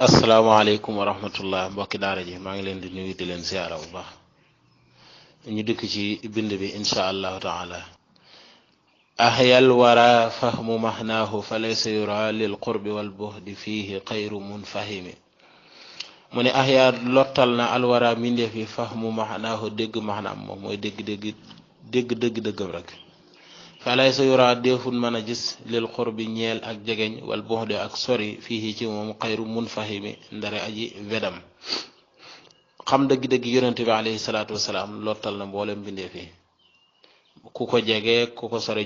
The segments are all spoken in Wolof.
alaykum wa rahmatullah mbokki daara ji maa ngi leen di nuyu di leen ziara bu baax ñu dikk ci bind bi insha allahu taala ahyal wara fahmu mahnaahu falaysa yura lil qurbi wal buhdi fiihi xayru munfahimi mu ne ahya lottal na alwara mindeef yi fahmu mahnaahu dégg mahnaam moom mooy dégg dégg dégg dégg dëggam rek falay sa yura deful mën a gis lil bi ñeel ak jegeñ wal buxde ak sori fii ci moom xayru mun fahimi ndare aji wedam xam dëgg-dëgg yonente bi alayhi salaatu wasalaam lottal na mboolem mbindeef yi ko jege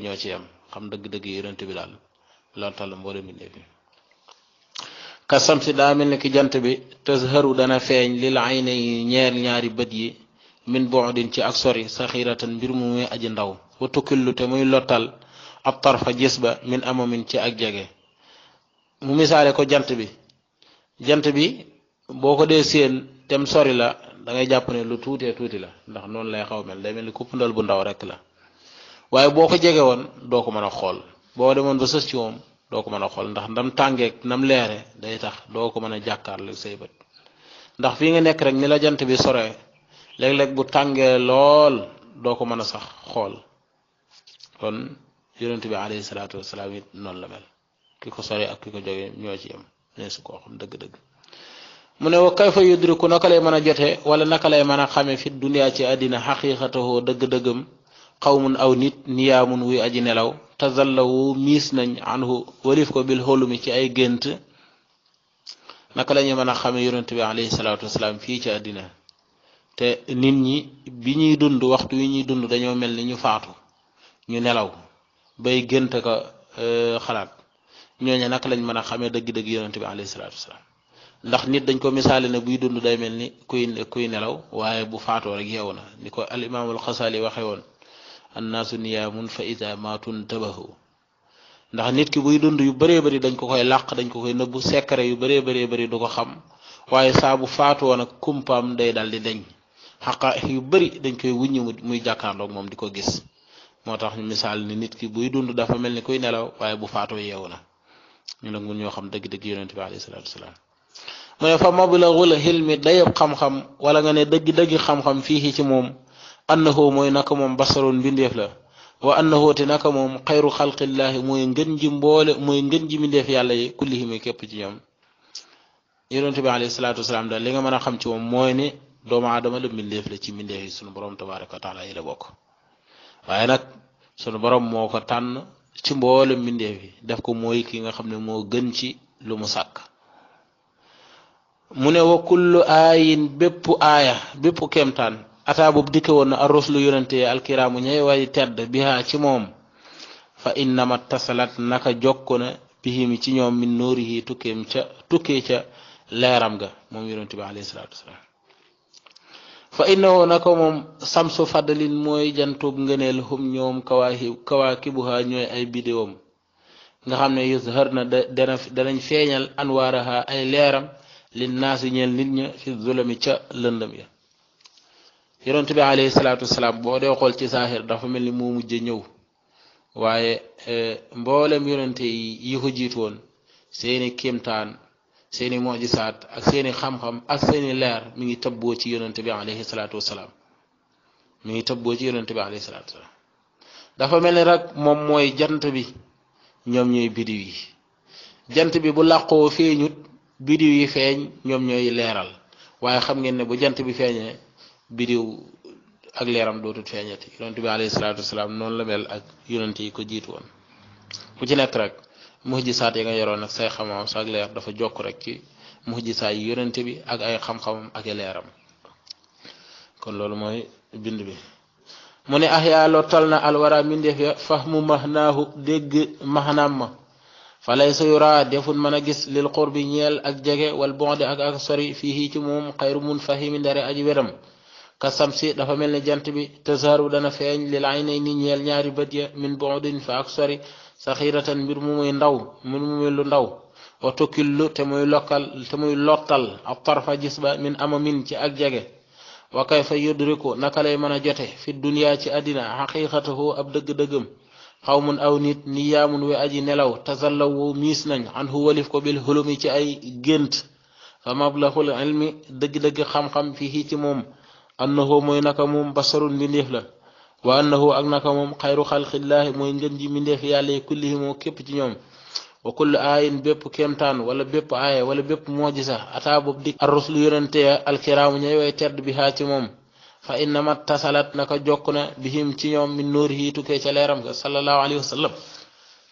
ñoo ci yam xam dëgg-dëgg yonente bi daal lottal kasam si daa mel ki jant bi tazharu dana feeñ lil ayna ñeel ñaari bët yi min boodin ci ak sori saxiratan mbir mu muy aji ndaw wa tukkillu te muy lottal ab tarfa gis ba min amamin ci ak jege mu misaale ko jant bi jant bi boo ko dee seen tem sori la da ngay jàpp ne lu tuutee tuuti la ndax noonu lay xaw mel day mel ni kuppandal bu ndaw rek la waaye boo ko jege woon doo ko mën a xool boo demoon ba sës ci moom doo ko mën a xool ndax ndam tàngeek nam leere day tax doo ko mën a jàkkaarloo say bët ndax fii nga nekk rek ni léeg-léeg bu tàngee lool doo ko mën a sax xool kon yonent bi alayhi salaatu wasalaam it noonu la mel ki ko sori ak ki ko jóge ñoo ci yem ne su koo xam dëgg-dëgg mu ne wa naka lay mën a jote wala naka lay mën a xamee fit duniyaa ci àddina xaqiqatahoo dëgg-dëggam xawmun aw nit niyaamun wuy aji nelaw tazallawu miis nañ anhu warif ko bil xolumi ci ay gént naka la ñu mën a xamee yonent bi alayhi salaatu wasalaam fii ci àddina te nit ñi bi ñuy dund waxtu wi ñuy dund dañoo mel ni ñu faatu ñu nelaw bay gënt ko euh, xalaat ñooñu nag lañ mën a xamee dëgg-dëgg yonent bi alayhi salaatu ndax nit dañ ko misaale ne buy dund day mel ni kuy kuy nelaw waaye bu faatoo rek yeewu na ni ko al imaam al xasaali waxe woon annaasu niyaamun fa ida maatun tabahu ndax nit ki buy dund yu bëree bëri dañ ko koy làq dañ ko koy nëbbu secret yu bëree bëree bëri du ko xam waaye saa bu faatoo nag kumpaam day dal di deñ xaqaa'iq yu bari dañ koy wuññi muy jàkkaarloog moom di ko gis moo tax misaal ni nit ki buy dund dafa mel ni kuy nelaw waaye bu faatoo yeewu na ñu nag mun ñoo xam dëgg-dëgg yonent bi alayhi salaatu fa mablagul xilmi dayab xam-xam wala nga ne dëgg-dëgg xam-xam fii ci moom annahu mooy naka moom basaroon mbindeef la wa annahu te naka moom xayru xalqillaahi mooy ngën ji mboole mooy ngën ji mbindeef yàlla yi kullihimi képp ci ñoom yonent bi alayhi salaatu wasalaam daal li nga mën a xam ci moom mooy ne doomu aadama la mbindeef la ci mbindeef yi sunu borom tabaaraka wa taala yi la bokk waaye nag sunu borom moo ko tànn ci mboolem mbindeef yi def ko mooy ki nga xam ne moo gën ci lu mu sàkk mu ne wa kullu aayin bépp aaya bépp kemtaan ataa boobu dikke woon na arroslu yonente yi alkiraamu ñay way tedd bihaa ci moom fa innama tasalat naka jokko na ci ñoom min noori yi tukkeem ca tukkee ca leeram ga moom yonente bi alayhi salaatu wasalaam fa innahu nako moom samso fadalin mooy jantug ngëneel hum ñoom kawaahi kawaakibuha ñooy ay bidéom nga xam ne yusharna dana danañ feeñal anwaaraha ay leeram linnaasi ñeel nit ña fi zulami ca lëndam ya yonente bi alayhi salatu wasalaam boo dee xool ci saahir dafa mel ni moo mujje ñëw waaye eh, mboolem yonente yi yi ko jiit woon seeni kimtaan seeni saat ak seeni xam-xam ak seeni leer mi ngi tëbboo ci yonente bi alayhi salaatu mi ngi tëbboo ci yonente bi alayhi salaatu wasalaam dafa mel ni rek moom mooy jant bi ñoom ñooy bidiw yi jant bi bu làqoo feeñut bidiw yi feeñ ñoom ñooy leeral waaye xam ngeen ne bu jant bi feeñee bidiw ak leeram dootut feeñati yonente bi alayhi salaatu noonu la mel ak yonente yi ko jiitu woon ku ci nekk rek mujisaat yi nga yoroon nag say xam-xam sa ak leer dafa jokk rek ci saay yi yonente bi ak ay xam-xamam ak leeram kon loolu mooy bind bi mu ne axyaaloo tal na mi alwara mbindeef ya fahmu mahnaahu dégg maxnaam ma falay sa yuraa deful mën a gis lil xur bi ñeel ak jege wal bonde ak ak sori fii ci moom xayru mun fahimin dara aji weram كسامسي دا فاملني جانت بي تزارو دا نافين للعينين نيال نياري بديا من بعدين فاكسري سخيره مير مومي نداو من مومي لو نداو وتوكيلو تموي لوكال تموي لوطال الطرف جسبا من امامين تي اك جاغي وكيف يدركو نكالاي مانا جوتي في الدنيا تي ادنا حقيقته اب دغ دغم قوم او نيت نيام وي ادي نلاو تزلوا ميس نان ان هو ولف كو بالهلومي تي اي جنت فما العلم دغ دغ خام خام فيه تي موم annahu mooy naka moom basarun mbindeef la wa annahu ak naka moom xayru xalqillaahi mooy ngën ji mbindeef yàlla yi kullihi moo képp ci ñoom wa kullu aayin bépp kéemtaan wala bépp aaya wala bépp moojisa ataa boobu dikk ar ruslu yonente ya ñay way tedd bi haa ci moom fa innama tasalat naka jokk na bihim ci ñoom min nóori yi tukkee ca leeram ga sallallahu alayhi wa sallam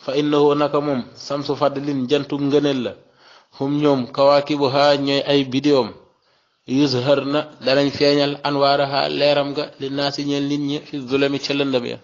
fa innahu naka moom samsu fadlin jantu ngëneel la hum ñoom kawaakibu haa ñooy ay yuzhar na danañ feeñal anwaaraha leeram ga li naasi ñeel nit ñi fi zulami ca lëndëm ya